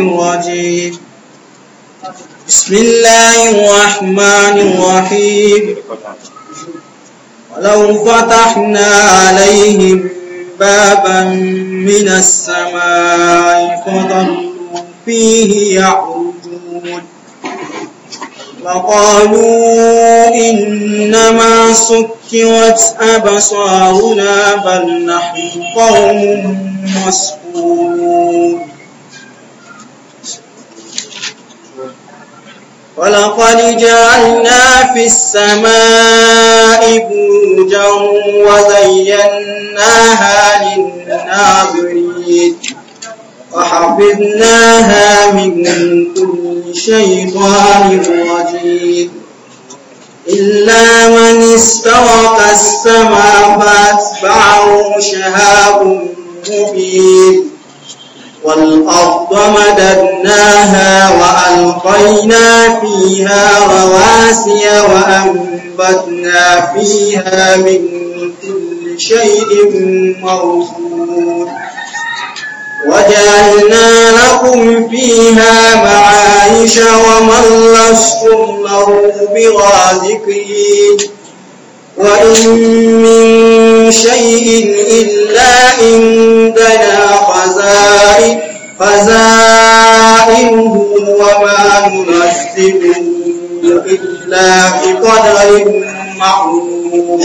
الرجيم بسم الله الرحمن الرحيم ولو فتحنا عليهم بابا من السماء فظلوا فيه يعرجون وقالوا إنما سكرت أبصارنا بل نحن قوم مسؤولون ولقد جعلنا في السماء بروجا وزيناها للناظرين وحفظناها من كل شيطان رجيم إلا من استرق السماء فأتبعه شهاب مبين والأرض مددناها وألقينا فيها رواسي وأنبتنا فيها من كل شيء موصول وجعلنا لكم فيها معايش ومن لستم له برازقين وإن من شيء إلا عندنا فزائد فزائده وما ننزله إلا بقدر معلوم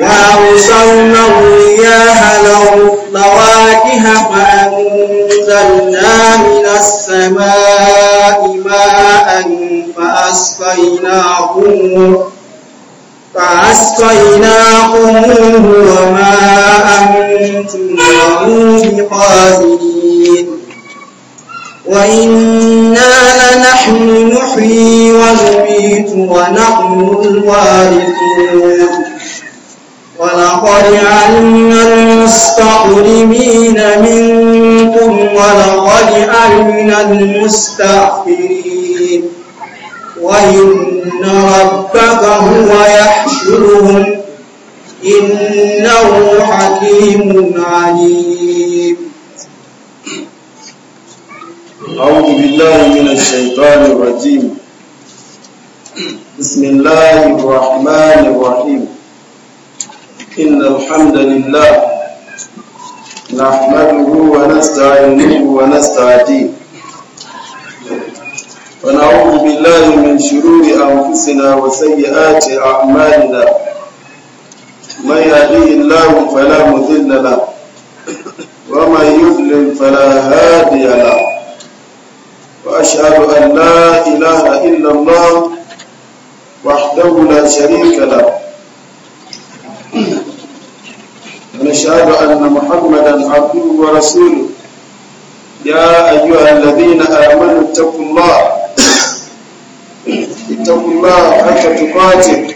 وأرسلنا الرياح لواجه فأنزلنا من السماء ماء فأسقيناكم فأسقيناكموه وما أنتم له بقادرين وإنا لنحن نحيي ونميت ونحن الوارثون ولقد علمنا المستقدمين منكم ولقد علمنا المستأخرين وإن ربك هو يحيي إنه حكيم عليم أعوذ بالله من الشيطان الرجيم بسم الله الرحمن الرحيم إن الحمد لله نحمده ونستعينه ونستهديه ونعوذ بالله من شرور أنفسنا وسيئات أعمالنا من يهديه الله فلا مذل له ومن يضلل فلا هادي له وأشهد أن لا إله إلا الله وحده لا شريك له ونشهد أن محمدا عبده ورسوله يا أيها الذين آمنوا اتقوا الله اتقوا الله حق تقاته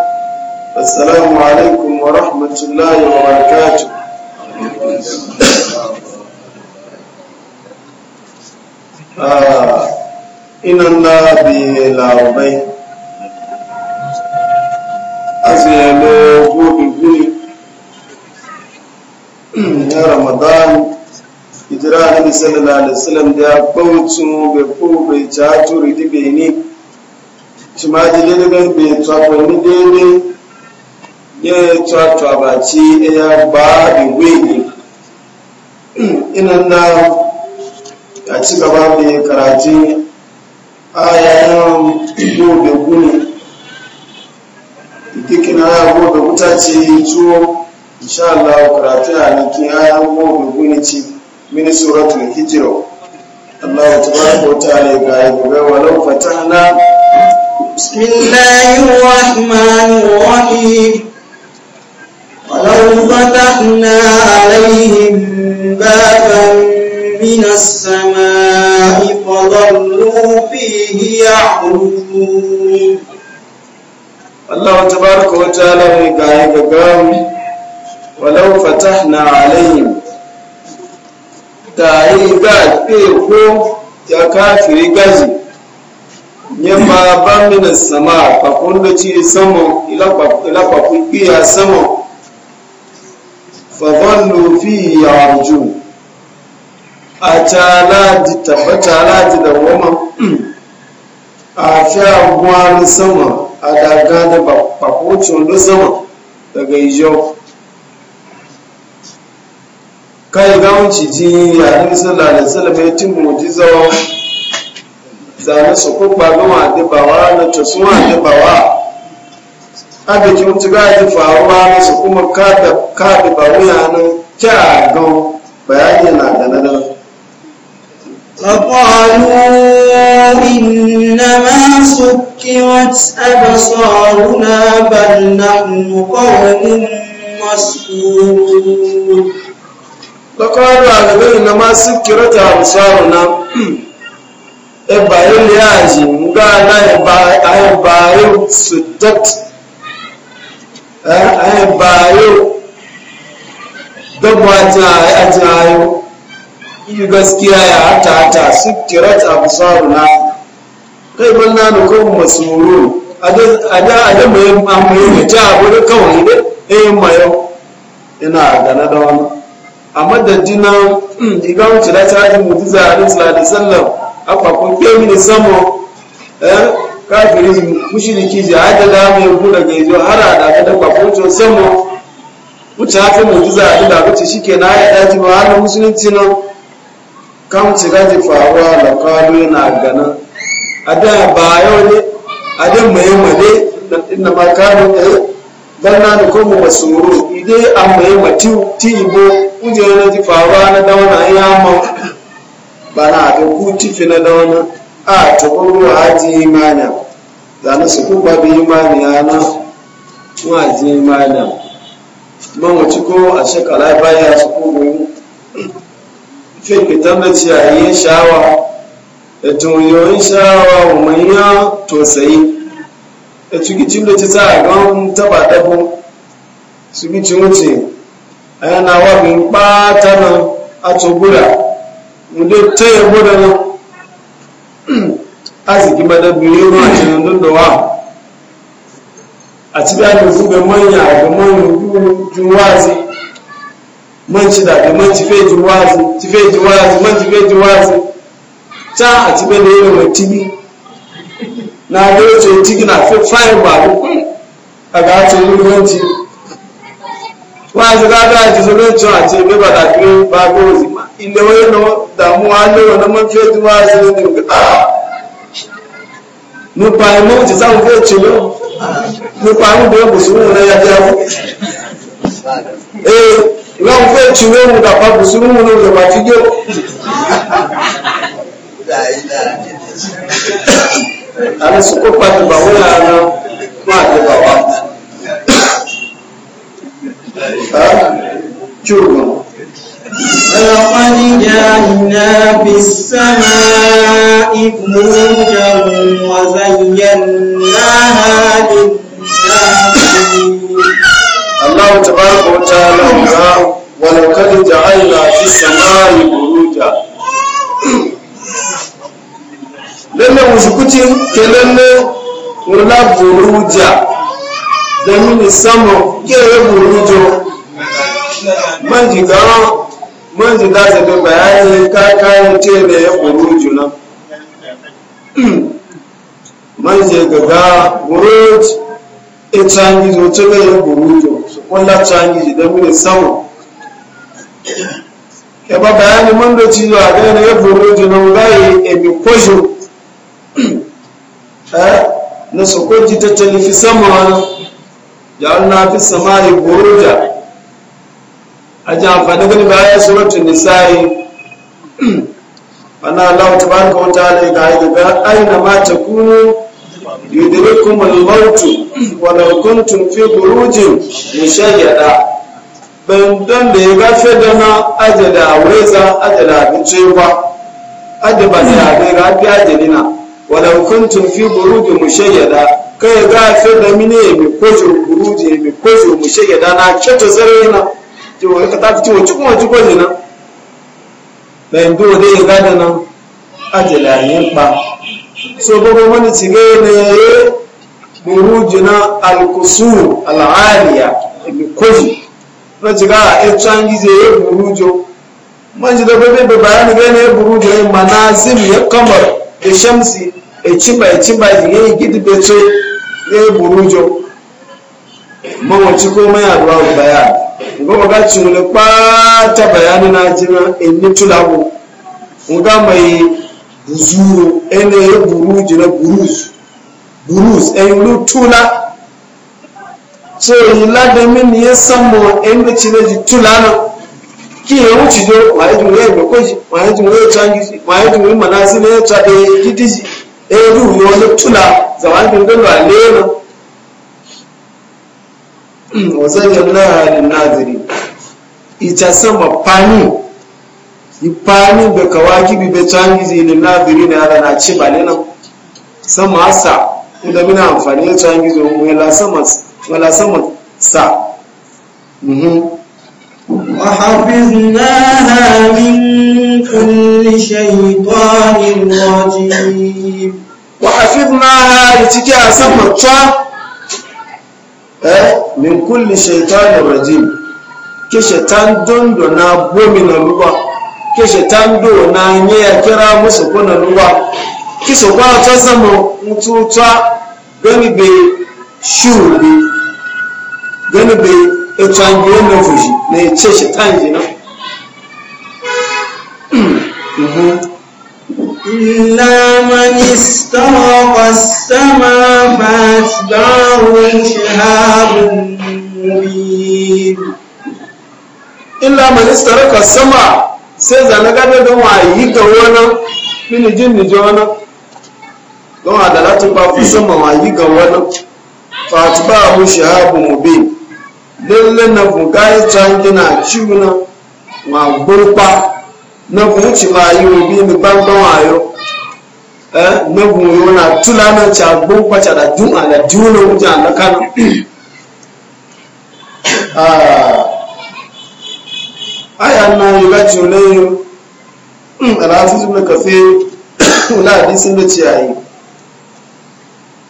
السلام عليكم wa الله وبركاته ina na bi larubai azuyalo gobe gini na ramadan hijira nabi sallallahu alaihi wasallam da ya bautu bai ko bai cato ridi bai ni shi ma jile daga bai tsakon ni daidai ya tsato abaci ya ba da wani inan na a ci gaba da karatun ayayen gobe gune ikikina ya da wuta ce tuwo insha Allah karatu a niki ayan gobe gune ce mini suratul hijiro Allah tabaraka wa ta'ala ga gobe walau fatahna بسم الله الرحمن الرحيم ولو فتحنا عليهم بابا من السماء فظلوا فيه يعرفون الله تبارك وتعالى يقول قام ولو فتحنا عليهم تاي قاعد بيكو يا كافر قاعد yamma من السماء sama fakon da ci sama ila fakon sama fadhallu fi yarju atalaji tabatalaji da woma a fiya gwani sama a daga da bakocin da sama daga ijo kai gawanci ji yayin sallah da sallah ya cin mujiza zane su kuma gama da bawa na tasuwa da bawa abe ki mutu ga faruwa ne su kuma kada kada ba wuya nan ga bayani na da nan فقالوا إنما سكرت أبصارنا بل نحن قوم مسكون فقالوا أغبي إنما سكرت أبصارنا إبا يلي آجي مقالا إبا يبا يبسدت Eh, bayo dabba ta a jayo yi gaskiya ya hata hata su tirat abu saru na kai ban na da kan masoro a da a da mai amfani da ta abu da kawai eh, da ɗayan mayo ina gana da wani a madadina hmm, iga wuce da ta yi mutu za a rinsu da sallam a kwakwakwai mini samo eh. kafiri mushriki ji hada da mu ku daga yazo har ada ka da kwafuto samo wuce haka mu'jiza da da wuce shike na ya daji ba har musulunci nan kam ci gaji faruwa da kwalo yana gana a ba yau ne a mai mai da inna ma kanu eh danna da kuma wasuru ide an mai mai tibo kuje na ji faruwa na dauna ya ma na da ku tifi na dauna a taɓon haji imana zane su kuka bi imani yana haji imana man wace a shekara baya su kogo fin fitar da ciyayi shawa da tunyoyin etu a gan taba dabo su gici wuce a yana wa na. arziki madabiri ma a cikin da wa a ci da su ga manya ga manyan juwazi man ci da ga man ci fe juwazi ci fai juwazi man ci fe juwazi ta a ci da yi mai tibi na ga ce tibi na fe fayar ba ko a ga ce yi wazi ga ga ji zo ne a ce be ba da kiri ba ko zima inda wani damuwa ne wannan man fe juwazi ne ga nípa ẹmọ ti sáwọn fẹ́ tì lọ nípa arúgbó bùsùnmù rẹ yájá wọ. ee lọ́wọ́ fẹ́ tì lóhùn dàpá bùsùnmù rẹ yọ̀bà fíjọ́. àwọn pàtó o gbọ́n. لقد جعلنا في السماء بروجا وزيناها للناظرين الله تبارك وتعالى ولقد جعلنا في السماء بروجا lallai washukucin ke lallai wula buruja da mini samun gere burujo man jigawa mun ji da zaɓe bayani ka kayan te da ya ƙuru juna mun je gaga buruj e canji zo da ya ƙuru su kula canji da mu ne samu ke ba bayani mun da ci zuwa da ya ƙuru juna ga yi emi kwajo eh, na sokoji ta talifi sama ya na fi sama ya ƙuru a amfani gani mai ayar suratun nisa'i ana Allah ta baraka wa ta'ala ga aiki ga aina ma ta kunu yudrikum al maut wa law kuntum fi burujin mushayyada ban dan da ya gafe da na ajada weza ajada abinci ba adaba ne abin rafi ajalina walau kuntum fi burujin mushayyada kai fi da mine mi kojo burujin mi kojo mushayyada na kyato zarena tí wọ́n kàtà tí wọ́n tí wọ́n tí wọ́n yìí náà bẹ̀yìn bí wọ́n dé yìí gádà náà àjẹ̀lẹ̀ àyè ń pa so gbogbo wọn ti gé ní ẹyẹ gbòòrò jìnnà alùkòsù àlàáàlìyà ìlúkòyì wọ́n ti ká ètò àǹgíze ẹyẹ gbòòrò jọ wọ́n ti dọ́gbẹ́ bẹ́ẹ̀ bẹ́ẹ̀ báyà ní ngoma ga cimule ɓata bayani na jina inni tulabu nga mai buzuru ene ye buru jina buruz buruz en lu tula so yila da min ni sammo en da cile ji tula na ki ya wuci jo ma ye ya be ko ji ma ya jumle changi ji ma ye jumle manasi ne cha e kitiji e ru yo le tula zaman dun dun ale wazayyana linnaziri ita sama pani ipani be kawakibi be changizi linnaziri na ala na ci balena sama asa inda mina amfani da changizi wala wala sama sa وحفظناها من كل شيطان رجيم وحفظناها لتجاه Eh? min kulli shaitanin rajim ke shaitan dondo na bomi na ruwa ke shaitan do na nyaya kira musu kuna ruwa ke su kwa ta zama mututa gani bai shuru gani bai e ita biyu na fushi na ya ce shaitan jina إلا من استعان استرق السماء فأتبعه شهاب مبين إلا من استرق السماء سيزا لقد دعوا يكا وانا من جن جوانا دعوا دلاتي بافو سماء يكا وانا فأتبعه شهاب مبين lalle na fukai can kina ciwo na ma gurba na fuci ba yi obi ni gbangban wayo Eh, na goyo na tulana ca gbogbo ca da juma da juna wuce a lakan aya ah, na yi ba ci ne rafi na kafe wula hadisin da ciyayi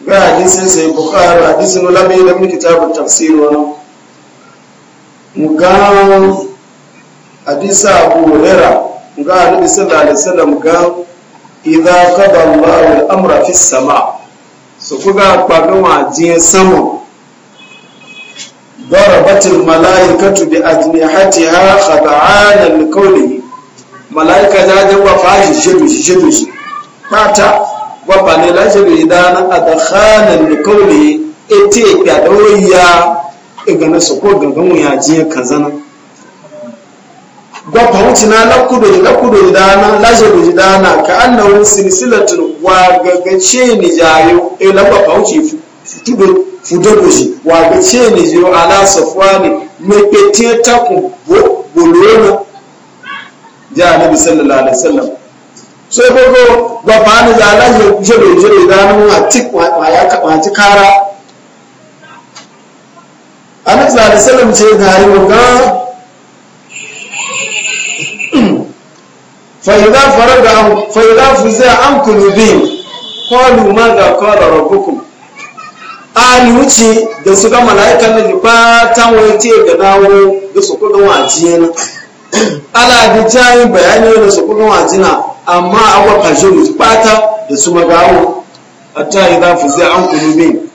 ga hadisin sai bukari hadisin wula mai da muke tabin tafsiri wani ga hadisa abu hurera ga hadisa da alisalam ga idan kaba mawar amra fi sama su kuka kwaga majiyar samu bara batin mala'ikatu bi ajnihati ha khada'ana likawli mala'ika da ya wa fashi shidu shidu shi mata wa bane la shidu idan adkhana likawli ite ya doya igana su ko gangan mu ya jiya gwapa wuce na lakudoji lakudoji dana lajodoji dana ka annahu silsilatun wagagace ni jayo e na gwapa wuce fudo fudogoji wagace ni jayo ala safwani mepete takun bolona ja bi sallallahu alaihi wasallam so gogo gwapa ni za lajodoji lajodoji dana wa tik wa ya ci kara annabi sallallahu alaihi wasallam ce ga yi فإذا فرغ فإذا فزع عن قلوبهم قالوا ماذا قال ربكم ali wuce da su ga mala'ika na ji fata wace da dawo da su kudin wajiye na ala bi jayin bayani da su kudin wajina amma abuwa kashe da fata da su magawo a ta yi za fi zai an kudu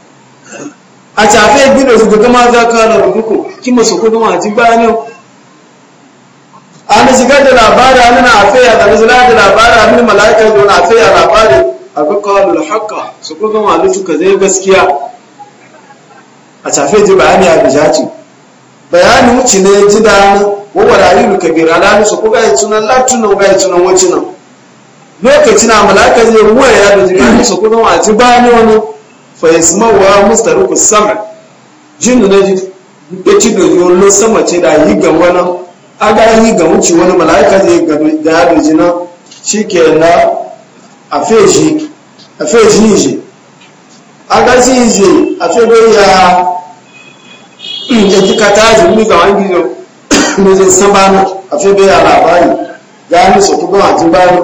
a tafe bi da su ga maza kala rubuku kima su kudin waji bayanin an shigar da labari an na afiya da nuzula da labari an mala'ika zo na afiya labari a da haka su kuma malutu ka zai gaskiya a tafe ji bayani a bijaci bayani wuce ne ji da dani wawara yi kabira alani su kuka yi tunan na ga yi tunan nan lokacin na mala'ika zai ruwa ya da jibani su kuma ma ji ni wani fa wa mustaruku sama jin da ji ya ci da yiwuwar sama ce da yi ga nan. agahi ga wuce wani mala'ika zai ga ya doji nan shi ke na a feji ije agasi ije a fego ya ya kika kata ji wuni ga wani gidan mejin sabana a fego ya labari ga yi su kuma a jin bani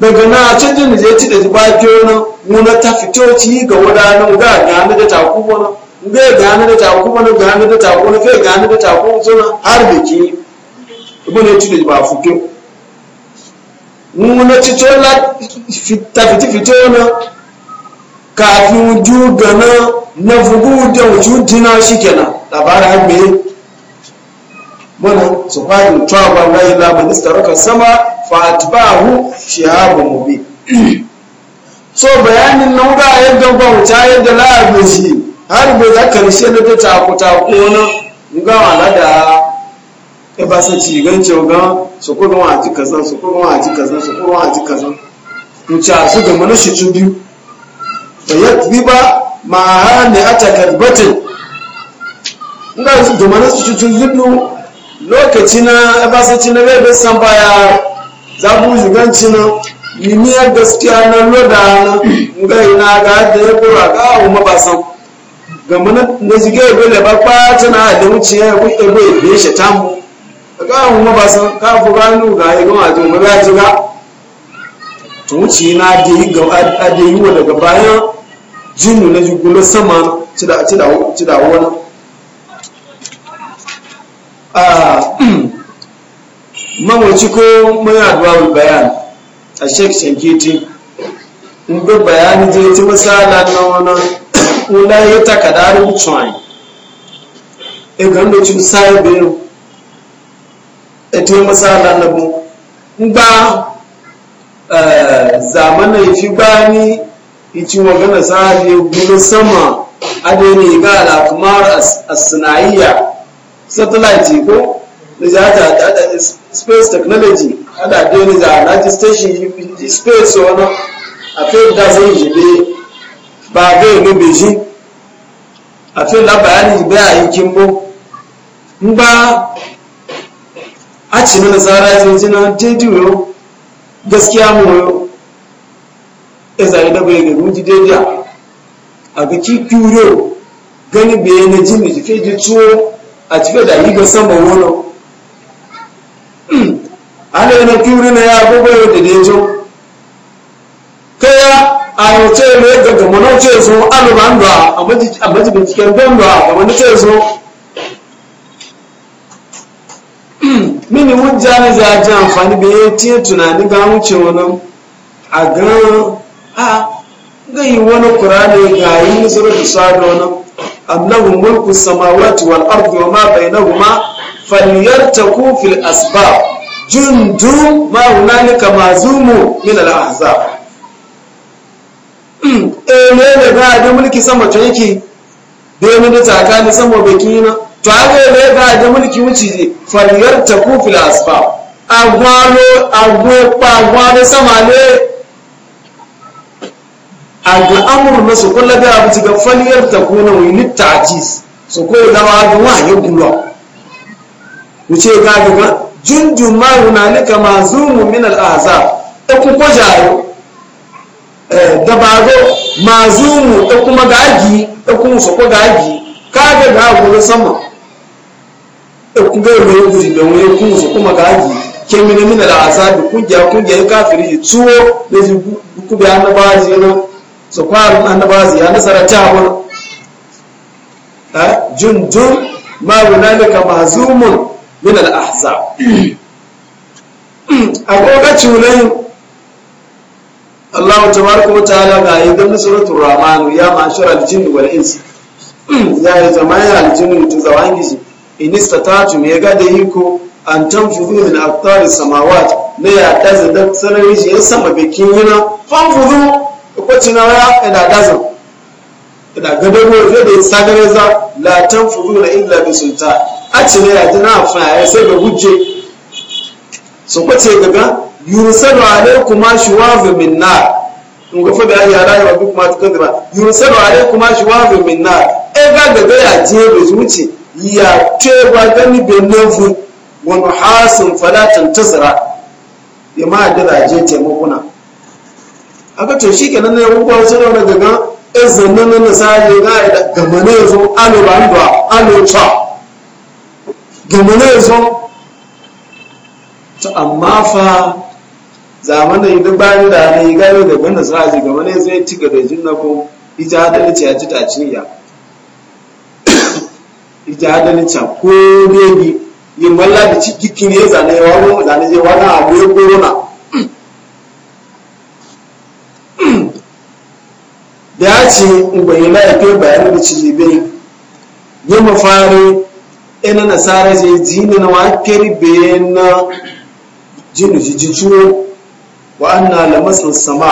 daga na a canjin da zai ci da ji ba ke wani muna ta fito ci ga wadannan ga ga da ta kuma be gane da tako mana gane da taku na fe gane da taku suna har da ke ibn ci da ba fuke Mun na ci to la fita fiti fito na kafin ju gana na fugu da wuju dina shikenan labarin har me mana su fadin tuwa la ila minista raka sama fa atba'ahu shihabun mubin so bayanin nan ga yadda ba wuta yadda la'abin shi hari bai za ka rishe da ta taku-taku wani gawa na da ya e ba sa ci gan ga su kuma wa ji kaza su kuma wa ji kaza su kuma wa ji kaza mutu a su ga na shi cu biyu da ya bi ba ma har ne a kadbatin nga su gama na shi cu biyu lokaci na ya e ba sa ci na bai bai san baya gan ci na ne gaskiya na loda na ga ina ga da ya kura ga ba san gama na zige dole ba kwata na da wuce ya ku Da ya shi a ga mu ba san ka fu ganu ga igon a jin ba ji ga to wuce na da yi ga a da yi wa daga baya. jinnu na jigulo sama ci da ci da ci da wani a ah, mamaci ko mai addu'a bayan a shek shankiti in ga bayani je ci masala na wannan kula ya takadar mutuwai e gando ci sai be e to ba na e, fi ngba eh zamana ifi gbani ichi wagana sahabi gudun sama adeni ga alakamar aqmar as satellite ko da za ta space technology ada adeni za na station space wani a da zai jide ba gai mu beji a fi labayani bai a yi kimbo n ba a ci na ya zai jina daidai yau gaskiya mu yau ya zai da bai gani ji daidai a ga ki kyuro gani bai na ji ne jife ji tuwo a jife da yi ga sama wani hmm. ana yana kyuro na ya abubuwa da daidai ayo ce ne ga gamano ce su aluban da a maji binciken da gamano ce su. mini wujja ne za a ji amfani da ya tiye tunani ga wuce wani a ganin. a gayi wani kura ne ga yi nasarar da sa'adu wani amlahu mulku samawati wal ardi wa ma bainahuma falyartaku fil asbab jundun ma hunalika mazumu min al ahzab ele eh, da ga da mulki sama to yake domin da tsakani sama baki na to haka ele da da mulki wuce ne fariyar ta kufi asbab agwalo agwopa agwalo sama ne al'amur na su kula da abu ga faliyar ta kuna wani ta'ajiz su koyi zama da wahayi gulwa wuce ga daga junjun ma yunalika mazumu min al'azab ta ku kwajayo Eh, dabago mu da kuma gaji da kuma sako gaji kaga ga gobe sama da kuma yau da da wani kuma sako magaji ke mini mini da asabi kungiya kungiya kafiri ji tuwo da ji ku da annabazi yana so kwarin annabazi ya nasara ta wani eh, jun ma hunalika mazumun min al ahzab a goga culayin Allah tabaraka wa ta'ala ga idan suratul rahman ya ma'ashara al-jinn wal ins ya yi zamaya al-jinn to zawangi shi in istatatu ga da yiko an tamfudu min aqtar samawat ne ya daza da sarari shi ya sama bikin yana famfudu ko cinawa ina daza ina gadon rufe da sagare za la tamfudu na illa bi sultan a cire ya jina fa ya sai ga hujje so kwace gaga yursalu alaykuma shuwazun min nar nga fo da ya rayuwa bi kuma ta kadara yursalu alaykuma shuwazun min nar e ga da ga ya je be zuci ya ba gani be nufu wani hasin fala tasira ya ma da da je taimakuna aka to shikenan ne ko ba da daga na sai ga gamane zo zo ta amma fa zamanin idan bayan da ne gano da gwanda sa ji gaba ne sai ci gaba jin na ko ita adalci ya ci ci ya ita adalci ko bebi yin walla da ci gikin ya zane ya wani zane ya wani abu ya korona da ya ce ubayi na ya kai bayanin da ci yi ya mafari ina nasara je jini na wa bayan na jinu jiji wa anna lamasul sama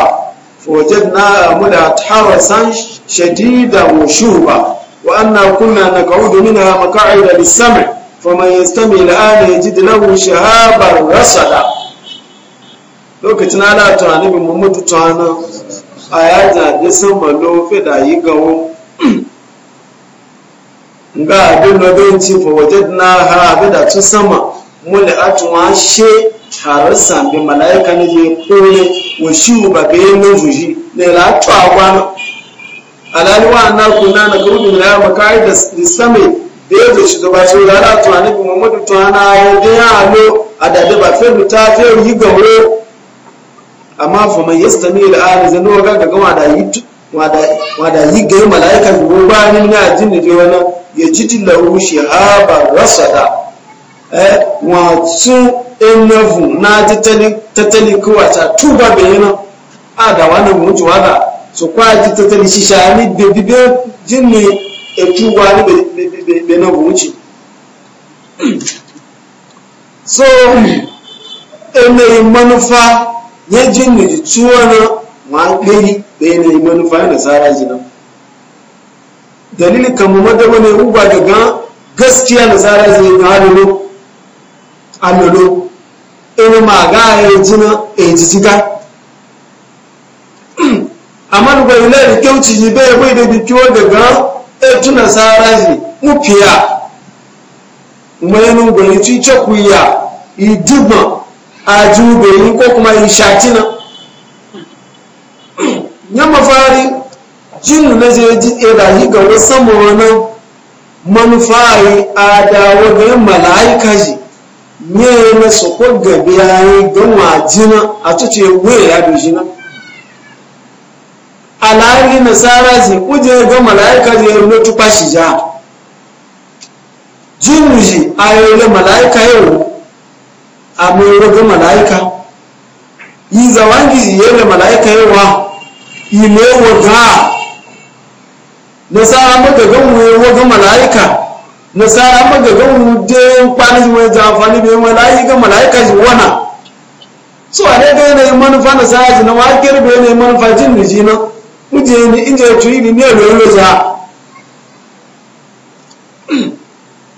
fa wajadna muda harasan shadida wa wa anna kunna naq'udu minha maq'ida lis-sam' faman yastami al-an yajid lahu shahaban rasada lokacin ala to annabi muhammadu to ana ayaja de sama lo da yi gawo nga abin da ci fa wajadna ha abin da to sama mule harar sambe malaika ne je kone wa shiwu ba ga yin nan ne la twa alali wa na kuna na gudu da ya makai da same da ya shi da ba su rara to anabi muhammadu to ana ya da ya alo a dade ba fe ta fe yi gawo amma fa man yastami al-an zanu ga ga gawa da yi wada yi gari mala'ika ruwa ne na jin da wani ya ji ha ba rasada eh wato innahu na tattali kowata tuba bayana a da wani mutu wada so kwa ji tattali shi sha ni bebi be jin ne e tuba ni be na wuce so ene manufa ya jin ne ji tuwa na ma ɗari bayana manufa yana tsara jinan dalilin kamar madama ne uba daga gaskiya na tsara jinan halin alolo ina ma ga ya jina e jijika amma duka ila da kyauci ji bai bai da bikiyo daga e tuna sara ji mufiya mayanin gwani tun cakuya idugba a jubeyin ko kuma yi shatina ya mafari jinu na je ji yi ga wasu mawanan manufayi a dawo ga yin ji ne na soko gabi yi ganwa jina a tuce wuya ya doshi na alhari nasara ce kuje ga mala'ika je lotu fashi ja jinuji ayoyi mala'ika yau a mai ga mala'ika yi zawangi yi da mala'ika yawa yi mewa ga nasara maka gan wuyewa ga mala'ika nasara maga gaunu de kwani mai jafani bai malayi ga malaika shi wana so a daga yanayin manufa na sa saji na wakil bai yanayin manufa jin ni ji na muje ni inje tuyi ni ne lolo za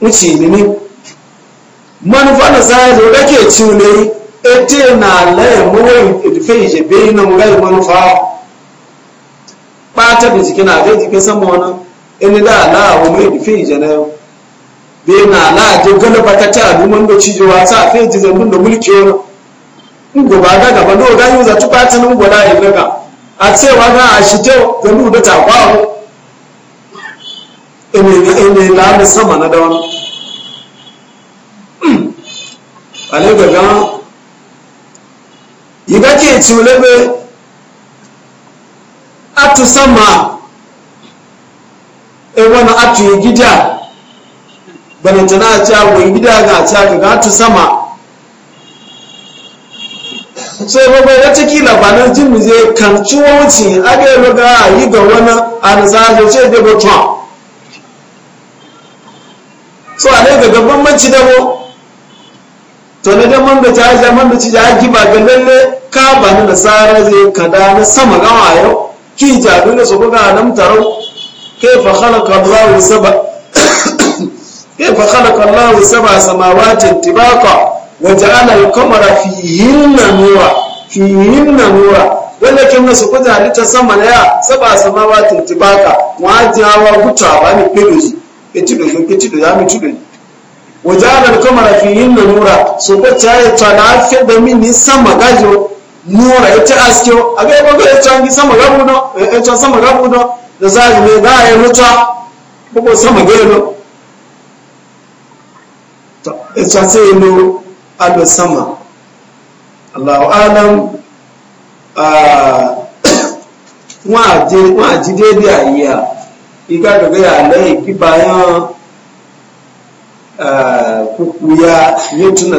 wuce ni ni manufa na sa saji da ke ciwo ne ete na laye mawai edufai je bai na mugai manufa ɓata bincike na zai jikin sama wani e ina da ala abu mai edufai je na yau be na na je galaba ta ta duman ci ta fe ji zambun da mulki wani gaba ga gaba do ga yi zatu patin ya a cewa ga a shi tau ga nu da takwawo ene ene da sama na da wani ale gaga yi ga ke ci ulebe sama e wani atu yi a. bane tana cewa wai gida ga cewa ka gatu sama sai ba bai wata kila ba na jin mu je kan ciwo wuce aka yi ga yi ga wani arzaje ce da bata so a daga gaban manci dabo to na da man da ta ja man da ci ja ba ga lalle ka ba na nasara zai da na sama ga yau ki ta dole su buga nan taro fa khalaqa Allahu sab'a كيف خلق الله سبع سماوات طباقا وجعل القمر فيهن نورا فيهن نورا wanda kin nasu kuta halitta sama na ya saba sama wa tuntubaka wajawa guta ba ni pedoji etido zo ketido ya mi tudo wajala al-qamara fi hinna nura so ko taye tana fe da min sama gajo nura ita aske aga ba ga tangi sama gabudo e ta sama gabudo da zai ne da ya muta ko sama gero ita sai lo alo sama allahu alam ah, wọn àti déédéé àyè à kukuya yetu na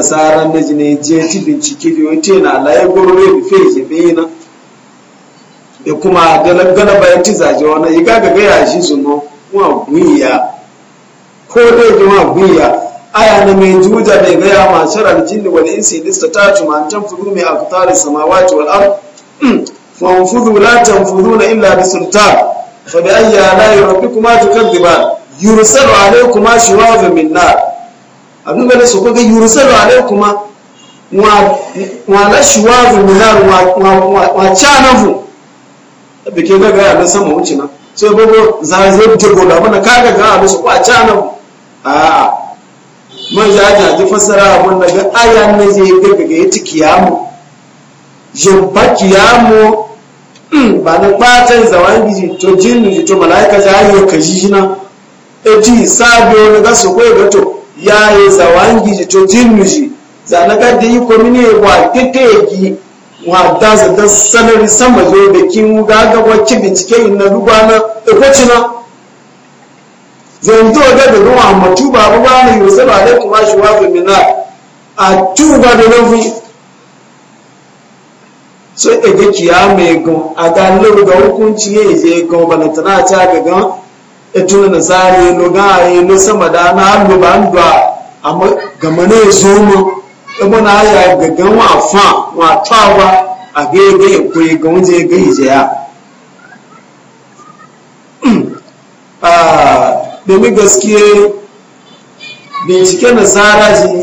jineje ti bincike da na yana alaye goro ne da feje bayina da kuma galaba ya ci zaje wani iga ga aya na mai juja mai gaya ma sharar jinni wani insi lista ta tuma an tanfudu mai akutari samawati wal ard fanfudu la na illa bi sultan fa bi ayya ba yurusar tukadiban kuma shi wa ga Minna. abin gani su kuka yursalu alaykuma wa la Minna min nar wa chanafu da ke gaga ya na sama wuce na sai bago zaje dogo da mana kaga ga abin su kwa chanafu a'a man ya jaji fasara abin da ga ayan na zai gaggaga ga yaci kiyamu jumba kiyamu hmm, ba na fatan zawan to jinnu to mala'ika ta yi ka ji jina e ji sabo na ga su kwaye gato ya yi zawan gizi to jinnu ji za na ga da yi komini wa kekeki wa da za ta sanari sama zo da kin gaga wacce bincike na rugwana na. E zan ga da da ruwa amma tuba ba ba ne yusa ba da kuma shi wa minna a tuba da fi so e ga kiya mai gan a ga lu ga hukunci ya je gan ba na tana ta ga gan e to na zare lu ga yi lu sama da na lu ba ndu amma ga mane zo mu kuma na ya ga gan wa fa wa tawa a ga ga e ko ga wuje ga je ya ah domin gaskiye bincike na ji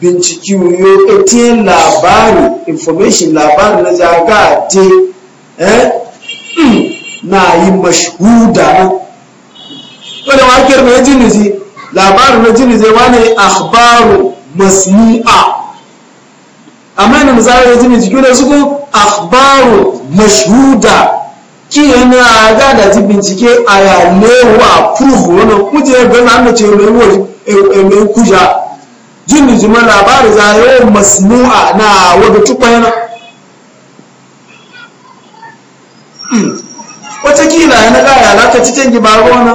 binciki wuyo ita labari information labari na jaga te eh, na yi mashuda nan wadda wakil mai jinizi labarin na jinizi wani akhbaru masni'a amma yana misali na jinizi gina su akhbaru mashuda kiyo na aga da ti bincike a ya lewa furufu wani kuje ga na mace lewa mai e, e, kuja jini jima labari za a yawon masnu'a na wadda tukwa yana hmm. watakila yana ya laka cikin gibaru wani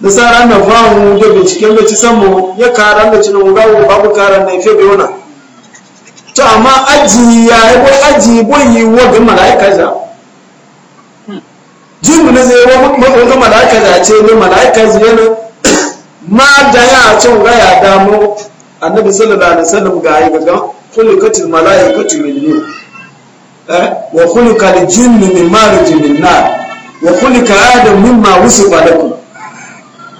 da tsaran na fahimu da binciken da ci samu ya karan da cinin gawo babu karan na ife bai wana to amma ajiyi ya yi ko ajiyi boyi wa ga mala'ika ja jingu na zai wani mala'ika da ce ne mala'ika zai yana ma da ya ce ga ya damu annabi sallallahu alaihi wasallam ga ayi gaggan khuluqatil mala'ikatu min nur wa eh? wa khuluqal jinnu min marijin min nar wa khuluqa adam mimma wusifa lakum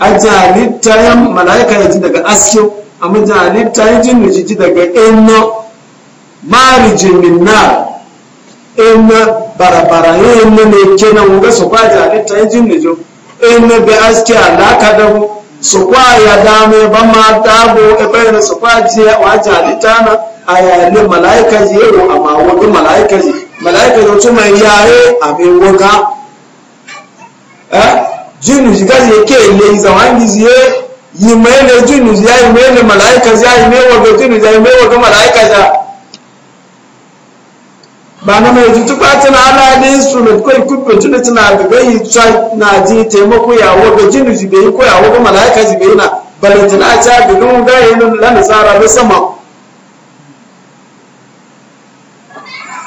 ajalitta ya mala'ika yaji daga aske amma ya yajin ji daga eno marijin min nar ina barabara ina ne kenan ga su kwaje a ta jin ne jo ina bi aski alaka da su ya da me ba ma dabo e bayan su kwaje wa ta na aya ne malaika ji yero amma wani malaika ji malaika ji to mai yaye a bai woga eh jinu ji gaje ke le zawangi ji yi mai ne jin ji yi mai ne malaika ji yi mai woga jinu ji yi mai woga malaika ji ba na mai tutuba tana ana da instrument kawai kubbe tuna tana daga yi tsa na ji taimako ya waga jini ji bai ko ya waga mala'ika ji bai na balantana ta gudun gaya nan na nasara na sama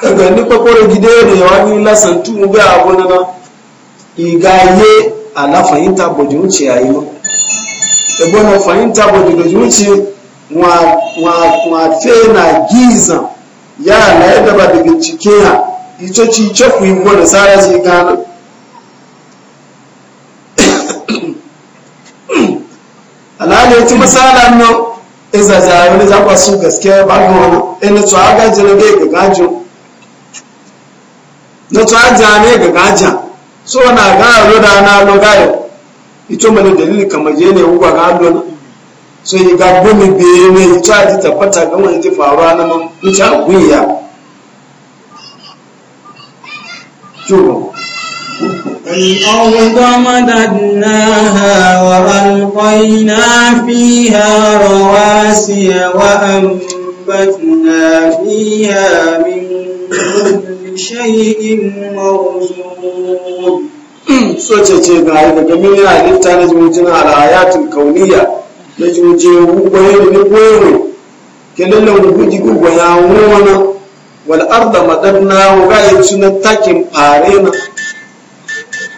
daga ni kwakwaro gide ne ya wani lasan tumu ga abu na igaye ala fahimta bodi wuce ya ma ebe na fahimta bodi wuce wa fe na gizan ya na yadda ba da bincike ya ito ci ce ku yi wani tsara su gano alhali ya ci misala nan iza zai wani zaɓa su gaske ba ga wani ina tsu gajin jina ga gajo na tsu aja ne ga gaja so na ga roda na lo gayo ito mana dalili kamar yene wuwa ga na. so yi ga gomi biye ne yi ta ji tabbata ga wani ji faru na mun wuce a guiya الأرض مددناها وألقينا فيها رواسي وأنبتنا فيها من كل شيء مرزوق سوچه چه غايه da gamina halitta na jimjina al-ayatul kauniyya na joje gwaye da ni gwaye kenan da guji gugwa ya wona wal arda madanna wa ga suna takin fare na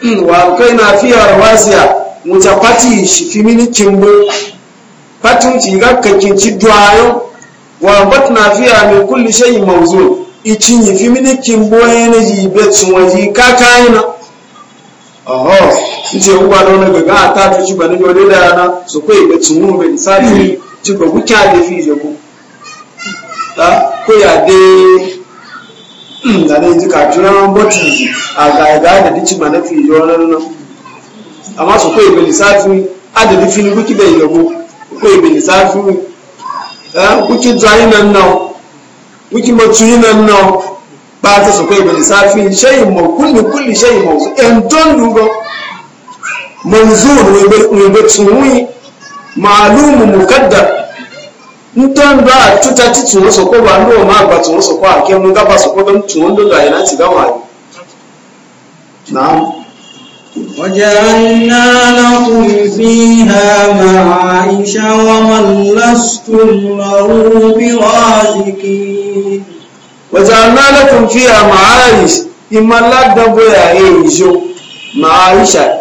hmm, wa kai na fiya rawasiya muta pati shi fimini kimbo patin ci ga kakin ci dwayo wa batna fiya min kulli shay mawzu icin yi fimini kimbo yana ji betsun waji kakaina oho ce uwa da wani gaga a ta ci ba na jode da yana su kai ga tsumu bai isa ci ci ba wuce da fi je ku ta ko ya de da hmm, ne ji kajuran botin a ga ga da dici ma na fi je wani nan amma su kai ga ni lissafi adadin fili kuki bai yabo kai ga lissafi kuki jayi nan nan kuki matuyi nan nan ba ta su kai ga lissafi shayin ma kulli kulli shayin ma su ɗan don dugon manzur webe tsuwi ma'alumu mukaddar ntan ba cuta ti tsuwo so ko ba ndo ma ba tsuwo so ko mun so ko don da yana ci gawa na'am وجعلنا لكم فيها معايش ومن لستم له برازقين وجعلنا لكم فيها معايش إما لا يا إيجو معايشة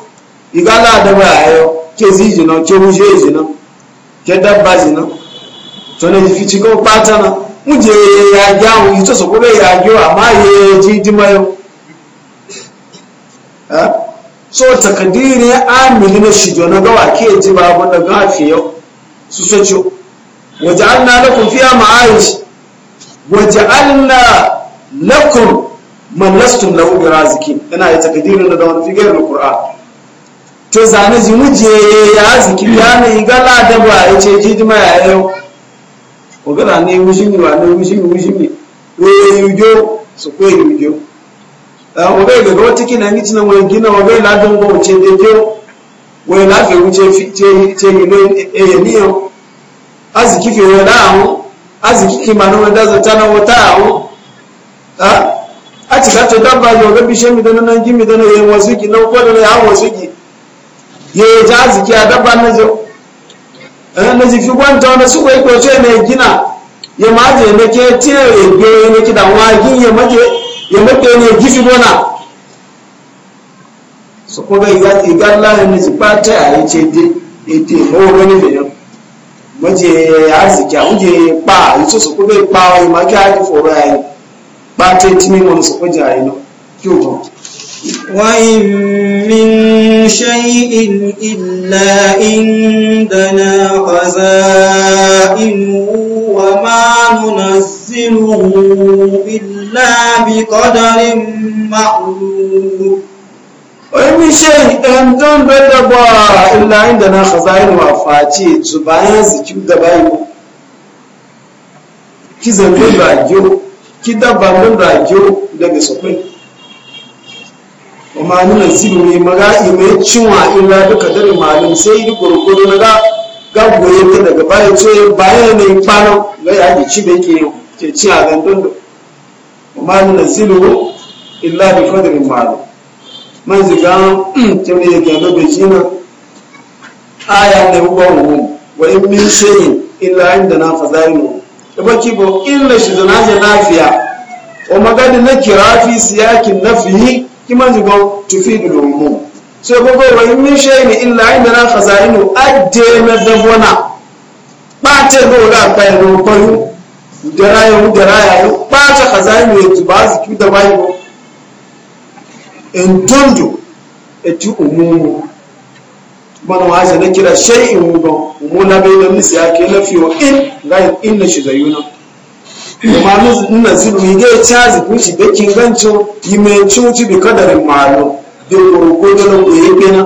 igala adaba ayo kezi jina kewuje jina kedaba jina tone jifichi ko patana muje ya jawo yito so kobe ya jo amaye jidimayo ha so takadiri amili na shijo na gawa ke ji babu da gafi yau su socho waja'alna lakum fiha ma'aish na lakum man lastum lahu birazikin ina ya na da wani figar da qur'an to zane ji muje ya ziki ya ne igala da ba ya ce ji jima ya yau ko gana ne wushi ne wa ne wushi ne wushi ne yi jo su ko ya jo eh, o bai ga wata kila ni tunan wani gina wa bai ladon ba wuce da jo wani lafiya wuce ce yi ne ya ni yau aziki fi wani ahun aziki kimanin wani zata na wata ahun a cika to dabba yau ga bishe mi da nan gimi da nan yayin wasu ki na ko da nan yawon wasu ki Eh, ye ja ziki a dabba na jo na ji fi gwanta wani su kwa ikwace ne gina ya maje na ke tiye ya gbe ne kida wagin ya maje ya maje ne gifi gona su kuma ya lahin na ji fata a yi ce ete o gani da yau maje ya arziki a wuje pa yi su su kuma ipa wa yi ma ki haji foro ya yi ba ta yi tini wani su kwaje a yi no وإن من شيء إلا عندنا خزائنه وما ننزله إلا بقدر معلوم wai mi ɗan don bada ba illa inda na khazain wa face su bayan zikin da ki ki dabba daga malin ma nuna zilmi maga ime cinwa illa duka dare malin sai yi gurgudu na ga goye ta daga baya ce baya ne kwanan ga ya ji ci beke ke ci a gandun da malin ma illa bi kadirin malum man ziga ta hmm, ne ga gabe jina aya ne ba mu wa in min shay'in illa indana mu da baki bo illa shi zanaje lafiya wa magadi na kirafi siyakin nafihi to feed the lumu so go wa shay ni illa indana khazainu adena ba bate go yu kai ro koyu yu ba ta khazainu bai bazi kida bayo e ti umu bana waza na kira shay'in go na bai da misya ke lafiyo in ga in na shi zayuna malu nna su mi ge chazi ku shi be kin gancho yi me chu chi bi kadarin malu de ko ko da no ko yake na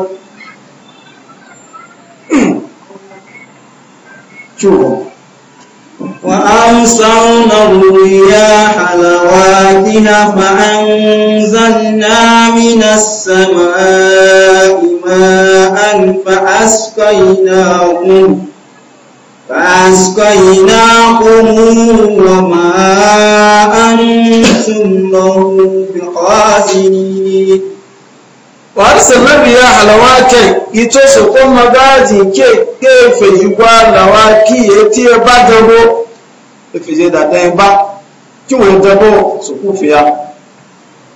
chuho wa amsawna riyaha lawaqiha fa anzalna minas samaa'i ma'an fa asqaynahum فأسقيناكموه وما أنتم له بقادرين وأرسلنا الرياح لواكي يتوسقوا مغازي كيف يقوى لواكي يتي بدرو efeze dada ẹ bá kí wọn dábọ sòkúfìá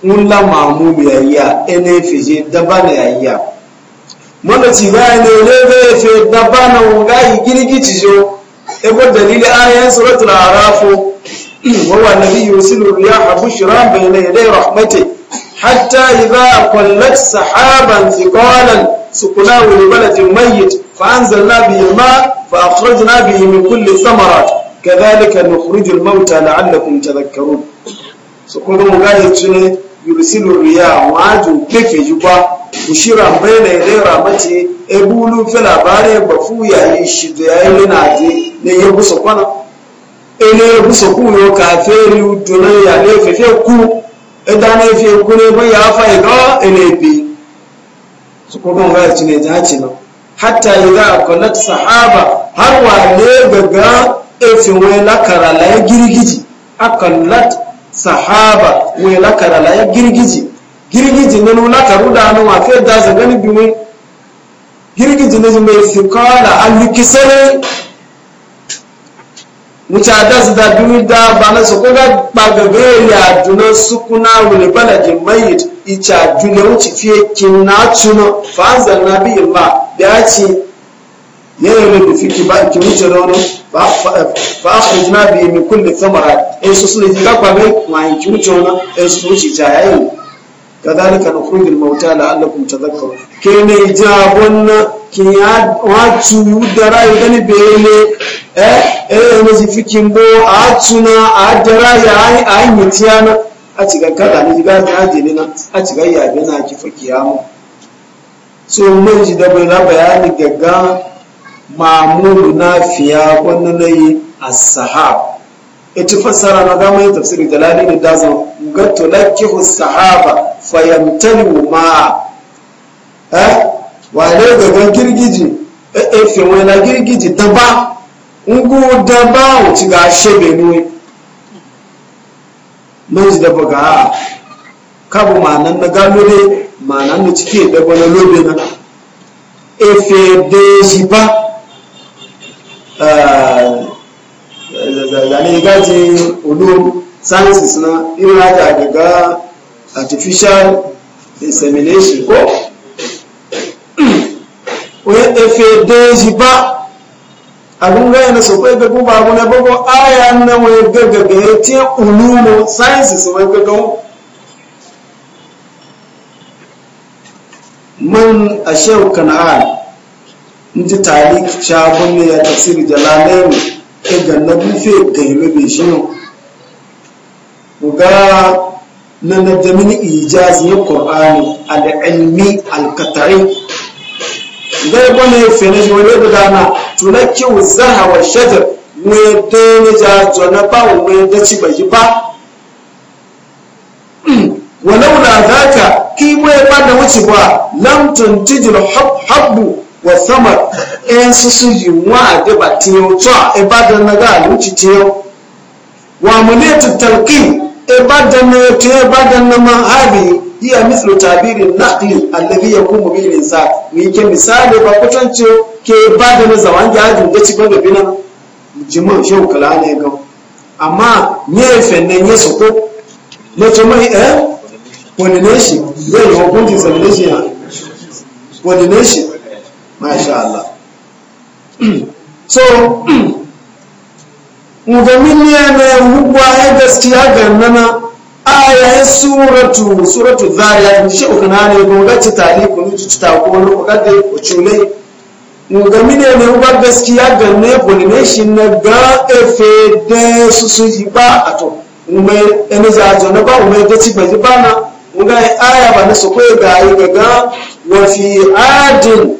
ńlá màmú yàyà ẹni efeze dábà ní yàyà mọ́nà tí báyìí ní olóògbé efe dábà náà ego دليل آية سورة arafu وهو الذي يرسل الرياح بشرا بين يدي رحمته حتى إذا قلت سحابا ثقالا سقناه لبلد ميت فأنزلنا به الماء فأخرجنا به من كل الثمرات كذلك نخرج الموتى لعلكم تذكرون سقناه مغاية yursilu riya waju keke jukwa ushira mbele ilera mati ebulu fe labare bafu ya ishido ya ile naje ne ya yebuso kwana ele ya ku yo ka fe ri udona ya le fe fe ku edane fe ku ne bo ya fa ega ele bi so ko don ga tine ja ci no hatta a qalat sahaba har wa le gaga efe we lakara la e, girgiji akallat sahaba we lakara la ya girgiji girgiji na nuna karu da hannu a fiye da su gani biyu girgiji na ji su fikala an yi kisare wuce da su da biyu da ba na su kuma gbagabe ya duna sukuna Bala baladin mai ica juna wuce fiye kin na tuna fa'azar na biyu ba da ya ce yayin da fiki ba ki wuce rono ba fa na bi min kulli thamarat eh su sun ji kakwa bai ma ki wuce rono eh su wuce ta yayi kadhalika nukhrijul mauta la'allakum tadhakkarun ke ne jabon ki ya wacu dara gani bele eh eh ne ji fikin bo a tuna a dara ya a yi tiyana a cikin kada ne ji ga ta ajini na a cikin yabe na ki fakiya mu so mun ji da bai na bayani gaggawa mamudu na fiya wannan na yi as-sahab ita fassara na gama yin tafsirin jalali da da zan ga tulakihu sahaba fayamtani ma eh wale eh, ga girgiji fi wani na girgiji da ba. daba ci ga shebe nuwe mun ji ka ga ah, kabu nan na gano ne nan da cike da na lobe na fi da shi ba zane gaji ulu sciences na irin haka daga artificial insemination ko wani efe deji ba abin gaya na sokwai ga guba abu na bago aya na wani gaggaga ya ce ulumo sciences wani gaggawa man ashe shehu kana'an nti talik shagon ne ya tafsiri jalalain ke ganna bufe ga yi rabe shi na na jamini ijazi ya qur'ani al-ilmi al-qat'i zai fene shi wani guda na tunaki zaha wa shajar ne ta ne ja jona ba me da ci bayi ba walau da zaka ki e pa da wuce ba lam tuntijil habbu wasama ɗayan su su yi wa a gaba tiyo cewa ibadan e na ga aluci tiyo wa muletu talqi ibadan e na ya tiyo ibadan e na man hali hiya mislu nakli naqli ya kuma bihi al-insan ni ke misali ba kutance ke ibadan na zaman ga ajin da ci gaba bina jima shehu kala ne ga amma ne fenne ne su ko ne to mai eh wani ne shi zai hukunci zalleshi ya masha Allah so mugamin ya na hukwa ya gaskiya ga nana aya suratu suratu zariyat shi na ne ko gaci tare ko ci ta ko ko kadde ko chule mugamin ne ne ba gaskiya ga ne ko ne shi na ga efe de su su yi ba za na ba umma da ba ji ba na mugai aya ba na so ga yi ga wa fi adin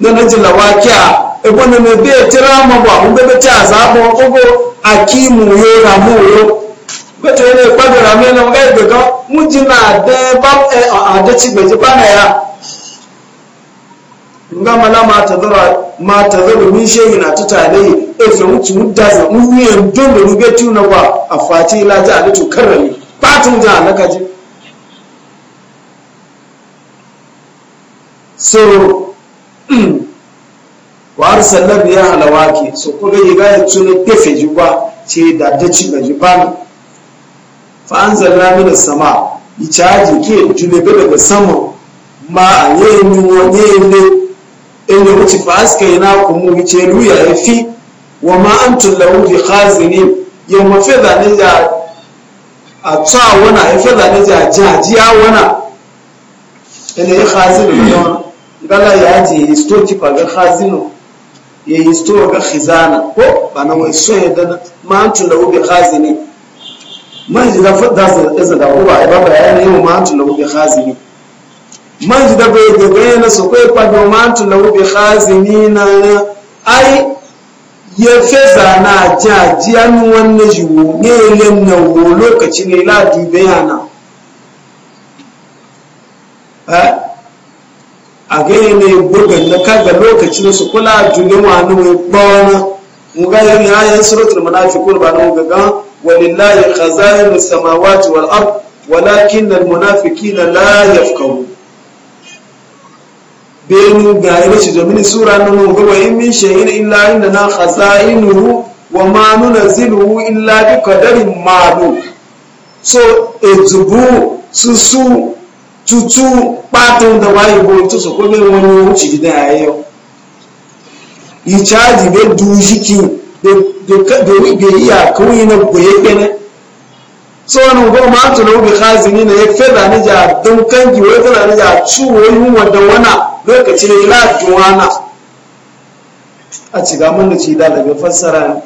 na na jila wakiya ebona me be tirama bwa ungebe taza abo ogo akimu yo na muyo beto ene kwadora me na mga ibega mujina ade ba e, ade chibeje bana ya nga mala ma tadara ma tadara mun sheyi na ta tutale efe mutu mudaza muye ndondo rube tuna bwa afati la ta ade to karali patun ja nakaji so wa arsalna biya alawaki so ko gani ga ya tuni kefe juba ce da ta ci ga juba fa anzalna min sama yi caji ke tuni ga daga sama ma a yayin yi wa yayin yi wuce fa aska yana kuma wuce ruya ya fi wa ma an tullahu bi khazini yau mafi zane ja a tsawa wana ya fi zane ja jajiya wana ina ya khazini da yawan ngala ya je histo ki faga khazino ya histo ga khizana ko bana wai so ya dana ma antu lahu bi khazini man ji da fadda sa da da uba ba ba ya ne ma antu lahu bi khazini man ji da ba ga ga na so ko pa ga ma antu lahu khazini na ai ya fesa na jaji an wannan jiwo ne len na wo lokaci ne la dubayana eh a ga yanayi gurgan na kaga lokacin su kula juyin wani mai bawana mu ga yin yayin suratul munafiqun ba na mu ga walillahi khazairu samawati wal ard walakin al munafiqina la yafqahu benu ga yi ci domin sura na mu ga wai min shay'in illa inna na khazainuhu wa ma nunzilu illa bi qadarin ma'lum so ezubu susu tutu patun da wayi go to so ko bin wani wuci da yayo yi caji bai dujiki de de de be iya kawai na goye gane so wani go ma tu to no bi khazini ne feda ni ja don kanji wai kana ni ja chu wai yi wadda wana lokaci ne la juwana a ciga mun da ci da daga fassara ne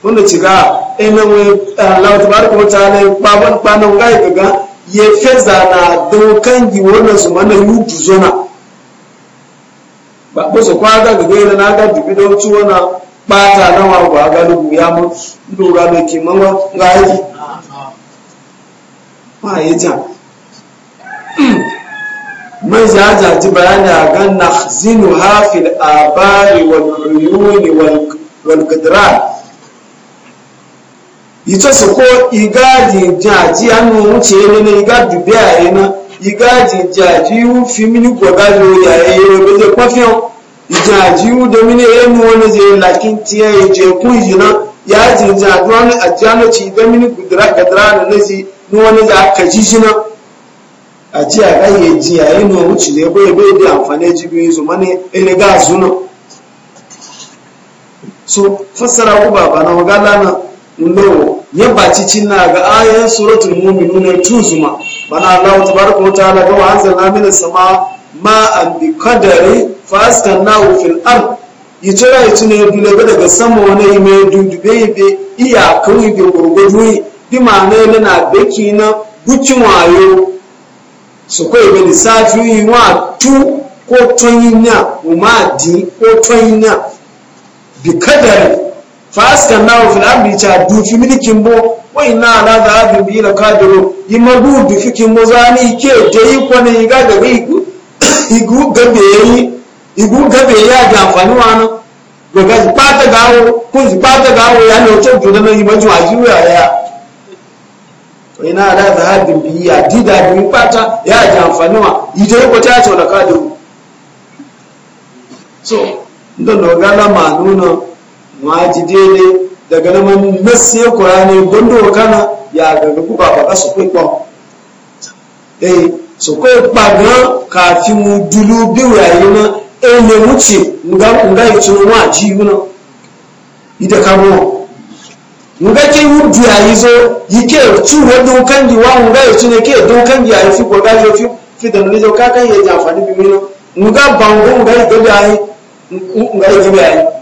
mun da ciga ina wai Allah kuma ta ne babban ban gaya gaga ye feza na gi wannan su mana yudu zona ba so kwa ga gbe na ga dubi don ci wana bata na wa ga ga lu ya mu ga me ki mama ga yi ma yi ja za bayani a gan na zinu hafil abari wal uyuni wal qadran ito soko iga jaji anu wuce ne ne igaju bi aye na igaji jaji u fi mini gwaga lo ya yi be je kwa fion ijaji u de mini e mu wona yi lakin ti e je yi na ya ji jadu anu ajano ci de mini gudra gadra na ne si nu wona je akaji shi na aji aga ye ji aye nu wuce ne bo ebe de amfane ji bi zo ele ga zu so fasara ku baba na wagala na no ya baci cinna ga ayan suratul mu'minun tuzuma bana Allah tabaraka wa ta'ala ga anzalna min sama an bi qadari faskannahu fil ard yitira yitine bilaga daga sama wani mai dudube be iya kawai be gurgudu bi ma'ana yana beki na gucin wayo su kai ga lissafi yi wa tu ko tonyinya umadi ko tonyinya bi kadari faskan nawo fil amri cha dufi milikin bo wa inna ala dhahabi bi la qadiru yima bu dufi kin bo zani ke je yi ko ne ga ga igu igu gabe yi igu gabe ya ga amfani wa no go ga pata gawo ko ji pata gawo ya no to ju na yi ba ju aji ya ya wa inna ala dhahabi bi ya dida bi pata ya ga amfani wa ide ko ta ta la so ndo no ga la manuna ma ji daidai daga naman nasiye kurani gondo kana ya gaga kuka baba ka su kai kwa eh su kai pagan kafin mu dulu biyu yayi na eh ne nga nga yi tun wa ji yi ida ka mu nga ke mu du yayi zo yi ke wa do kan di wa nga yi tun ke do kan di yayi fi ko ga fi fi da ne jo ka kan ya ja fani bi mu nga bango nga yi do yayi nga yi do yayi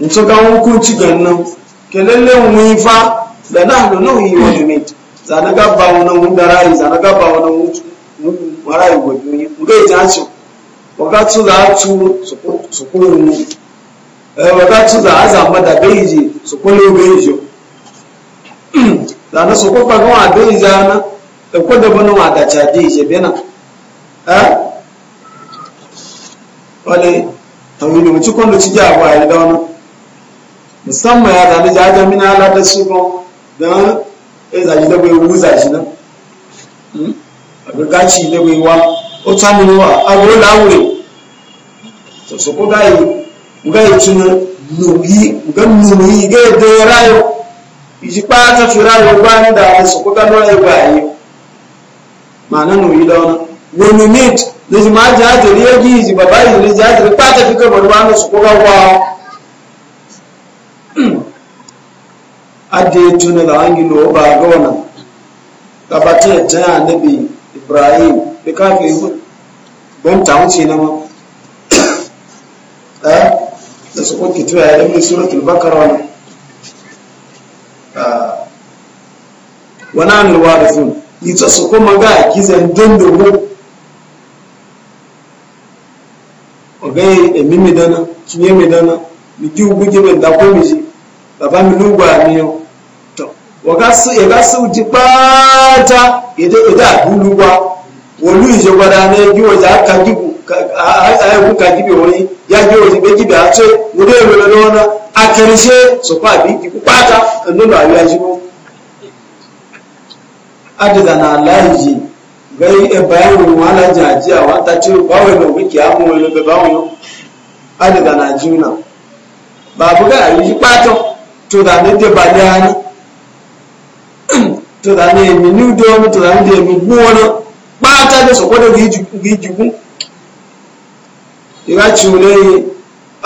ntuka hukunci gannan kelele mun fa da na da no yi wani mit zana ga ba wani mun da rai zana ga ba wani mun rai gobe yi mun ga ta ci wakati za tu mu da beiji su ko le beiji zana su ko ba ga beiji zana da ko da bana wa da cha je bena eh wale tawili mu ci kon da ci ja ba ya musamman ya zane ji mina halatar su kan don ya zaji da bai wuza shi nan hmm? abu gaci da bai wa o ta mini wa abu da wuri to so ko gayi gayi tun nubi ga nubi ga da rayo iji pata fi rayo ba ni da so ko da no yi ba yi ma'ana nubi da wani wani meet da ji ma ji hajjar yaji ji babayi ji hajjar pata fi ka barwa su ko ga wa aje tuna da an gilo ba ga wannan gabatar ta annabi ibrahim da kafin don ta wuce na ma eh da su kuke tuwa ya ɗan suratul bakara wannan ah, wana an luwa da yi ta su kuma ga kizan gizan dandogo ogaye da mimidana kinye midana mi ugu gibe ndako da ko mi ji lugba mi yau wakasu ji pata ida gulugwa wolu ije gwada na egi oje aka gibu ayekwu ka gibe wani ya ji ozi be gibe atụ wuri ewere n'ọna akarishe sokwa bi gibu pata nnụnụ ayụ ajibu adịda na ala iji gai ebayi wuru wala ji aji a wata ci bawe na wiki amụ wele bebe awụ adịda na jiuna babu ga ayụ ji pata to da ne anyị tó dà ní èmi ní ìdó omi tó dà ní èmi gún wọn náà pátá ló sọ̀kọ́dọ̀ kì í jùgún wọn lẹ́yìn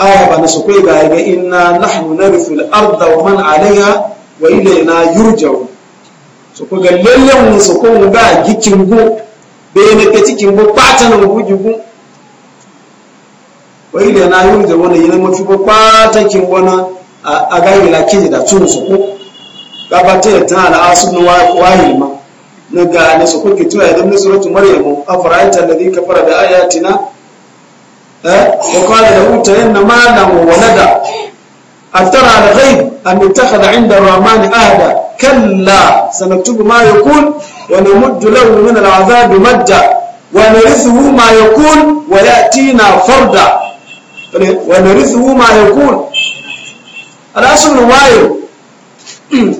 ayà bá ní ìgbà ẹgbẹ́ iná láhùn náà rìfù àrùdà wọn mọ́n àlẹ́yà wà ilẹ̀ iná yúrù jẹun sọ̀kọ́ gà lẹ́lẹ́ wọn sọ̀kọ́ wọn gà yí kí bẹ́ẹ̀ ní kẹ́tí kí pátá ní wọn jùgún wà ilẹ̀ iná yúrù jẹun wọn yìí mo fi pátá náà gabata ta al'asu na wahi wahima na ga ne su kuke tuwa idan na suratu maryam afraita alladhi kafara bi ayatina eh wa qala la utayanna malan wa walada aftara al ghaib am ittakhadha 'inda ar rahman ahda kalla sanaktubu ma yakun wa namuddu lahu min al-'adhabi madda wa narithuhu ma yakun wa ya'tina farda wa narithuhu ma yaqul al'asu na wahi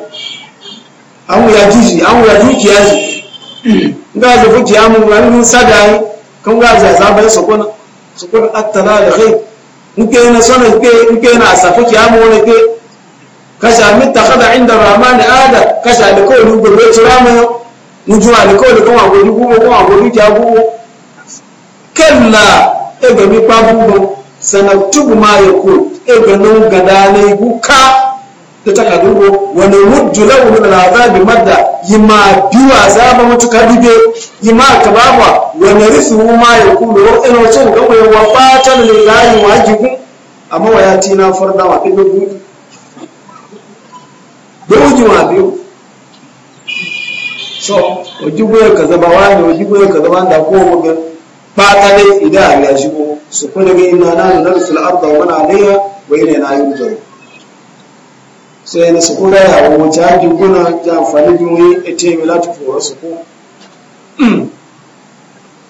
awu ya juji awu ya juji ya ji ga ji fuki amu wani sadai kan ga za za bai su kuna su kuna attala da kai nke na sona nke nke na asafu ki amu wani ke kasha mittakhadha inda rahman ada kasha da ko lu gobe tirama mujuwa da ko da kuma gobe gubo kuma gobe ki agubo kalla e ga mi pa gubo sanaktubu ma ya ku ega nan gada ne guka da takadugo wani wuddu lauru da al'azabi madda a biwa azaba mutuka bibe ma kababa wani risu ma ya kulu ro ina wace ga ya wa fatan lillahi wa ajibu a mawaya ya tina farda wa bibe gudu doji wa biyu so ojibu ya kaza ba wani ojibu ya kaza ba da kowa mu ga fata dai idan ya shigo su kuma ga inna nanu narsul arda wa man alaiha wa yi yurja'un sai yana su kura ya hawa wace haji guna ta amfani bin wani atm lati fora su ko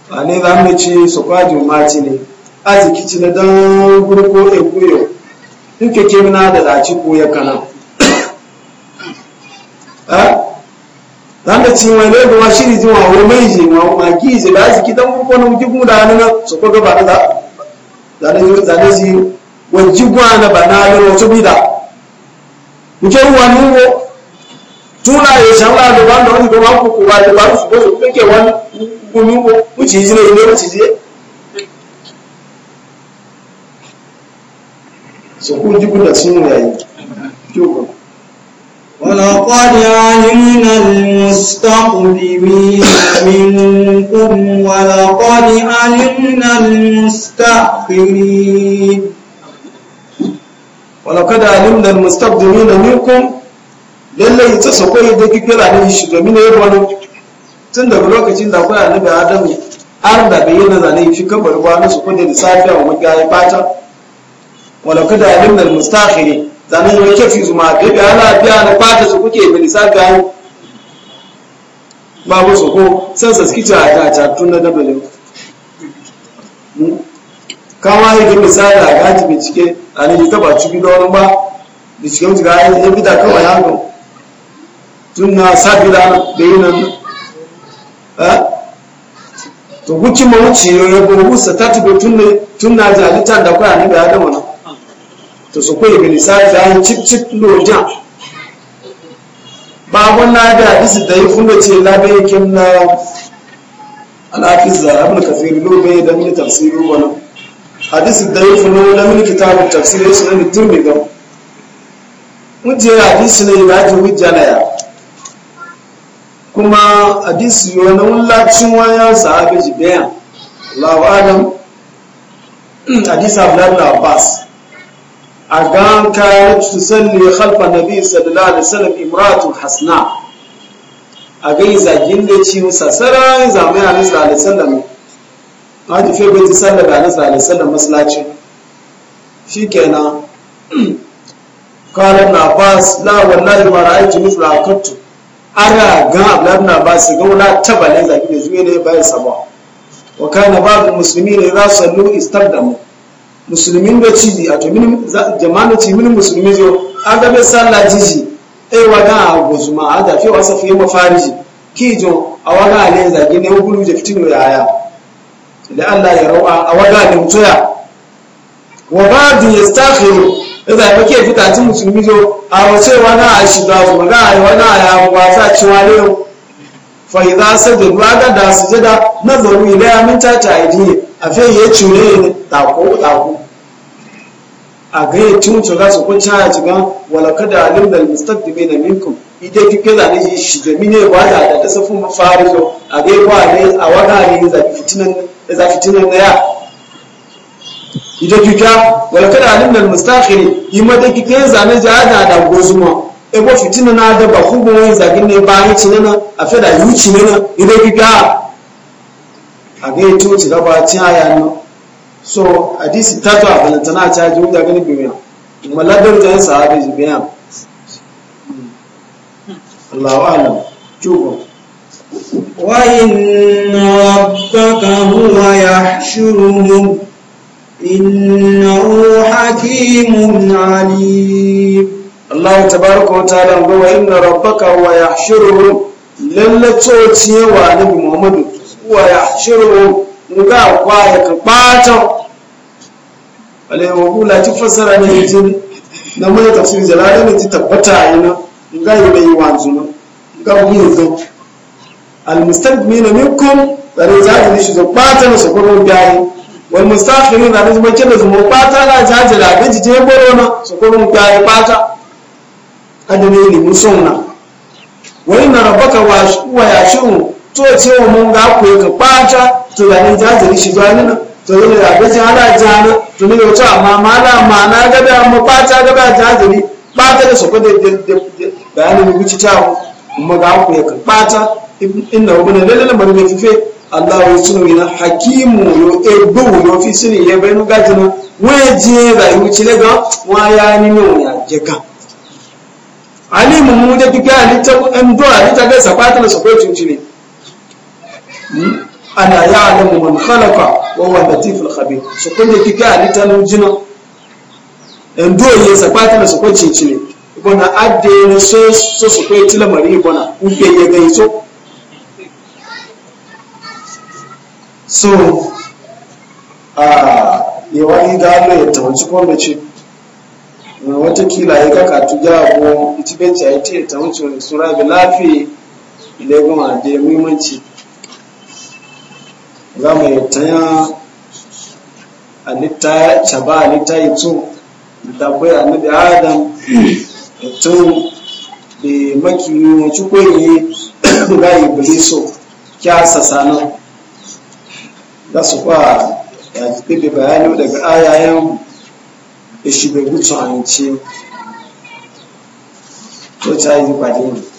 ba ne za mu su kwaji mati ne arziki ci na dan gurko ekuyo nke ke na da laci ko ya kana zanda ci wani da shiri ji wa wani mai ji ma ma ki ji da arziki dan gurko na muke su ko gaba da zane ji wajibu na bida njẹ́ wà ní wo tún láàyè sàmúlà ló bá ń lọ nígbà wọn kúkú wa ló bá ń fòkó sókè kéèké wọn kún ní wo ó ti yí ní ilé ó ولقد علمنا المستقدمين منكم ولقد علمنا المستأخرين walakada alimna mustaqdimina minkum ita ta sako da kikira ne shi domin ya bani tun daga lokacin da kai annabi adamu har da bayyana zane shi kabar na su kudin lissafi a wani gaye fata walakada alimna mustakhiri zane ya kafi zuma bebe ana biya na fata su kuke bi lissafi ba? babu su ko san saskita a ta tun na dabalin kawai ga misali a gaji bincike ani taba cibi wani ba da cikin ga ya bi da kawai hannu tun na sabila da yi nan to guci ma wuce ya gurgu sa ta tibe tun na ji halittar da kwaya ne da ya dama to su kwaye gani sa ta yi cip cip lojan babon na da hadisi da yi funa ce labe yake na al'afis da abin kafin lobe da mini tafsirin wani hadisi daifu no na min kitabu tafsir yasu na mutum ga muje hadisi ne ba ji hujja na ya kuma hadisi wani wulacin wayan sahabi ji bayan Allahu adam hadisi Abdullah ibn Abbas a gan kayan tusalli khalfa nabi sallallahu alaihi wasallam imratun hasna a ga yi zagin da ci musa sarai zamai da wasallam haji fe bai ta sallar da anasa da sallar masallaci shi kenan kalan na bas la wallahi ma ra'aytu mithla akattu ana ga abdullahi na bas ga wala tabale zaki da zuwa ne bayan sabah wa kana ba'd muslimin idza sallu istabdamu musulmin da ciji a tomin jama'an ci min musulmi zo aga be sallah jiji ai e, wa ga gozuma ada fi wasa fi mafariji kijo awaga ne zaki ne gulu da fitino yaya da Allah ya rawa a waga limtoya wa ba'du yastakhiru idan muke fita tun musulmi zo a wace wani a shi da su ga a wani a yawo ba sa ci wani yau fa da sajadu aga da sujada nazaru ila min ta ta'idi a fe ya cure ne tako tako a ga ya tun to ga su kun ta ci ga wala kada alim dal mustaqdimina minkum idan kike da ne shi da mine ba da da safin mafarizo a ga ba ne a waga ne da fitinan za fitinan na ya ita kika wala kada alim dal mustakhiri ima da kika yin zane jihada da gozuma e ko fitina na da ba ku go yin zagin ne ba yi cinana a fada yi cinana ita kika a ga yi tuci da ba ci haya no so hadisi tatu a balantana ta ji wuta gani bibiya maladar ta yin sahabi biya Allahu alam kyau وإن ربك هو يحشرهم إنه حكيم عليم الله تبارك وتعالى وإن ربك هو يحشرهم lalle tsociye wa nabi muhammadu wa shiru muga kwa ya kabata wale wa kula ti fasara ne jin na mai tafsir jalalain ti tabbata yana yi almustaqbina منكم tsare zahiri shi zo bata na sokoron gayi wal mustakhiri na da zubakin da zumo bata na jajira هذا jije boro وإن ربك gayi bata adane ne musonna wai na rabaka wa ya shi'u to ce wa mun ga ku to da ne jajiri shi zo ne to ne da ga jana to ne ga da mu bata ta mu ga ku ya ka inna hu na lalle lamar ne fife Allah ya sunu ina hakimu yo egbo yo fi sini ye gaji no gajinu weje ba yu chile ga wa ya ni no ya jeka ali mu mu da kika ali ta an do ali ta ga sabata na sokwe tunchini hmm? ana mu man khalaqa wa huwa al khabir sokwe kika ali ta no jino an do ye sabata na sokwe ko na adde ne so so ko tila mari ibona uke ye ga so? so a yawa yi gano ya tawanci kwambaci watakila ya kaka tuja abu ita benci a ita ya tawanci wani sura bi lafi ile goma da ya muhimmanci za mu yi tanya a littaya caba a littayi tso da kwai annabi adam tun da makiyi wacce kwaye ga ibliso kyasa sanar za su fa ya kake bayani daga ayayen ishibe gutsu hanci to ta yi ba ne